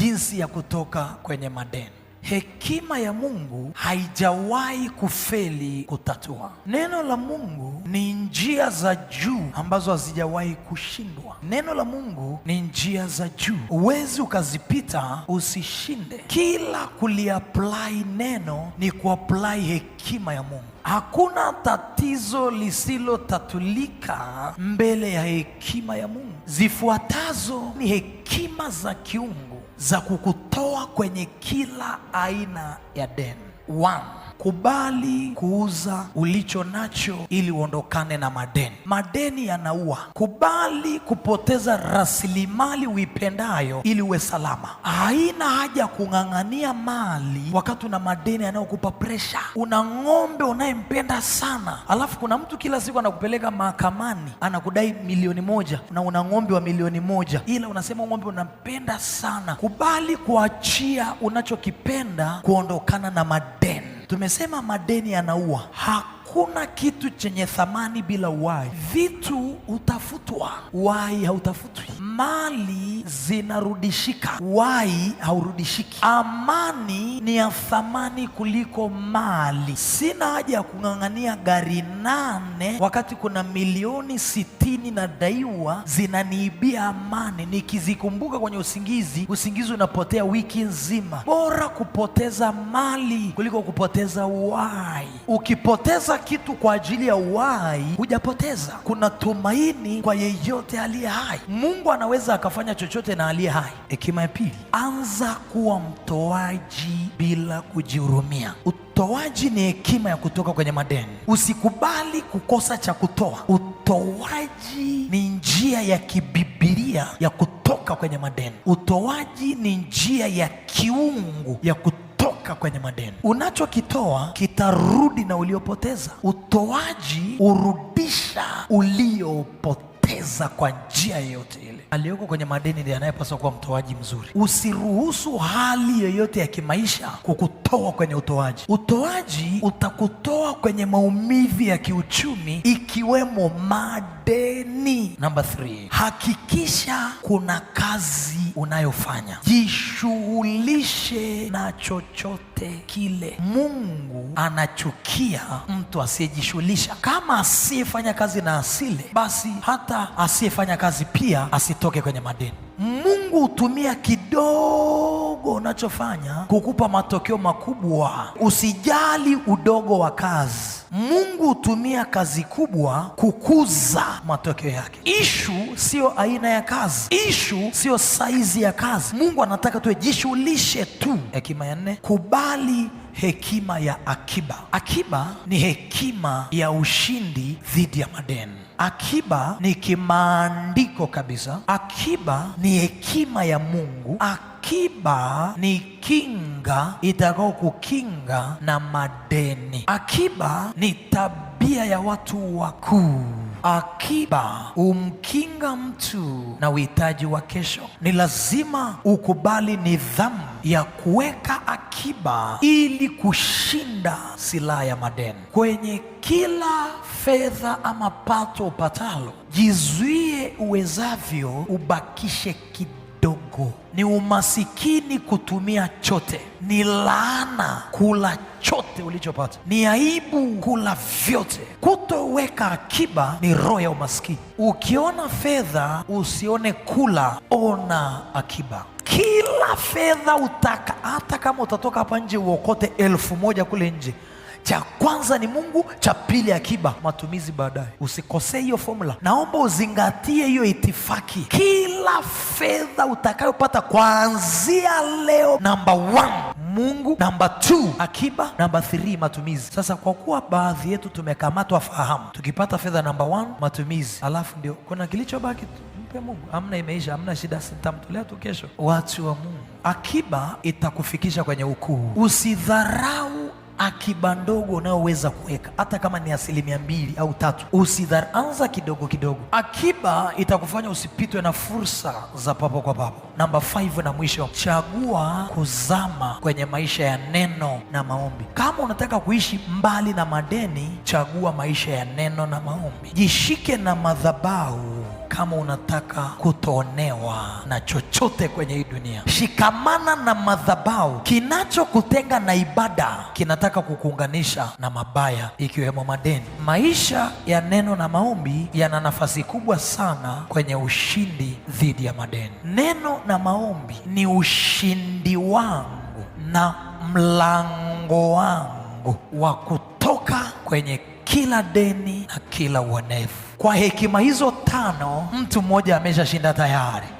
jinsi ya kutoka kwenye madeni. Hekima ya Mungu haijawahi kufeli kutatua. Neno la Mungu ni njia za juu ambazo hazijawahi kushindwa. Neno la Mungu ni njia za juu, huwezi ukazipita usishinde. Kila kuliapply neno ni kuapply hekima ya Mungu. Hakuna tatizo lisilotatulika mbele ya hekima ya Mungu. Zifuatazo ni hekima za kiungu za kukutoa kwenye kila aina ya deni one. Kubali kuuza ulicho nacho ili uondokane na madeni. Madeni yanaua. Kubali kupoteza rasilimali uipendayo ili uwe salama. Haina haja kung'ang'ania mali wakati una madeni yanayokupa presha. Una ng'ombe unayempenda sana, alafu kuna mtu kila siku anakupeleka mahakamani anakudai milioni moja na una ng'ombe wa milioni moja, ila unasema ng'ombe unampenda sana. Kubali kuachia unachokipenda kuondokana na madeni. Tumesema madeni yanaua. Hakuna kitu chenye thamani bila uhai. Vitu hutafutwa, uhai hautafutwi. Mali zinarudishika, uhai haurudishiki. Amani ni ya thamani kuliko mali. Sina haja ya kung'ang'ania gari nane wakati kuna milioni sitini na daiwa zinaniibia amani. Nikizikumbuka kwenye usingizi, usingizi unapotea wiki nzima. Bora kupoteza mali kuliko kupoteza uhai. Ukipoteza kitu kwa ajili ya uhai hujapoteza. Kuna tumaini kwa yeyote aliye hai. Mungu anaweza akafanya chochote na aliye hai. Hekima ya pili, anza kuwa mtoaji bila kujihurumia. Utoaji ni hekima ya kutoka kwenye madeni. Usikubali kukosa cha kutoa. Utoaji ni njia ya kibibilia ya kutoka kwenye madeni. Utoaji ni njia ya kiungu ya kutoka kuweka kwenye madeni. Unachokitoa kitarudi na uliopoteza. Utoaji urudisha uliopoteza fedha kwa njia yeyote ile. Aliyoko kwenye madeni ndiye anayepaswa kuwa mtoaji mzuri. Usiruhusu hali yoyote ya kimaisha kukutoa kwenye utoaji. Utoaji utakutoa kwenye maumivu ya kiuchumi ikiwemo madeni. Namba 3, hakikisha kuna kazi unayofanya. Jishughulishe na chochote kile. Mungu anachukia mtu asiyejishughulisha. Kama asiyefanya kazi na asile, basi hata asiyefanya kazi pia asitoke kwenye madeni. Mungu hutumia kidogo unachofanya kukupa matokeo makubwa. Usijali udogo wa kazi. Mungu hutumia kazi kubwa kukuza matokeo yake. Ishu siyo aina ya kazi, ishu siyo saizi ya kazi. Mungu anataka tuwe, jishughulishe tu. Hekima ya nne, kubali hekima ya akiba. Akiba ni hekima ya ushindi dhidi ya madeni. Akiba ni kimaandiko kabisa. Akiba ni hekima ya Mungu. Akiba ni kinga itakao kukinga na madeni. Akiba ni tabia ya watu wakuu. Akiba umkinga mtu na uhitaji wa kesho. Ni lazima ukubali nidhamu ya kuweka akiba ili kushinda silaha ya madeni. Kwenye kila fedha ama pato upatalo, jizuie uwezavyo ubakishe kidogo kidogo, ni umasikini kutumia chote, ni laana kula chote ulichopata, ni aibu kula vyote. Kutoweka akiba ni roho ya umasikini. Ukiona fedha usione kula, ona akiba kila fedha utaka, hata kama utatoka hapa nje uokote elfu moja kule nje cha kwanza ni Mungu, cha pili akiba, matumizi baadaye. Usikosee hiyo formula. Naomba uzingatie hiyo itifaki. Kila fedha utakayopata kuanzia leo, namba one Mungu, namba 2 akiba, namba 3 matumizi. Sasa kwa kuwa baadhi yetu tumekamatwa fahamu, tukipata fedha namba 1 matumizi, alafu ndio kuna kilichobaki mpe Mungu, amna imeisha, amna shida, sitamtolea tu kesho. Watu wa Mungu, akiba itakufikisha kwenye ukuu. Usidharau akiba ndogo unayoweza kuweka hata kama ni asilimia mbili au tatu, usidhar anza kidogo kidogo. Akiba itakufanya usipitwe na fursa za papo kwa papo. Namba 5 na mwisho, chagua kuzama kwenye maisha ya neno na maombi. Kama unataka kuishi mbali na madeni, chagua maisha ya neno na maombi. Jishike na madhabahu kama unataka kutoonewa na chochote kwenye hii dunia, shikamana na madhabahu. Kinachokutenga na ibada kinataka kukuunganisha na mabaya, ikiwemo madeni. Maisha ya neno na maombi yana nafasi kubwa sana kwenye ushindi dhidi ya madeni. Neno na maombi ni ushindi wangu na mlango wangu wa kutoka kwenye kila deni na kila uonevu. Kwa hekima hizo tano, mtu mmoja ameshashinda tayari.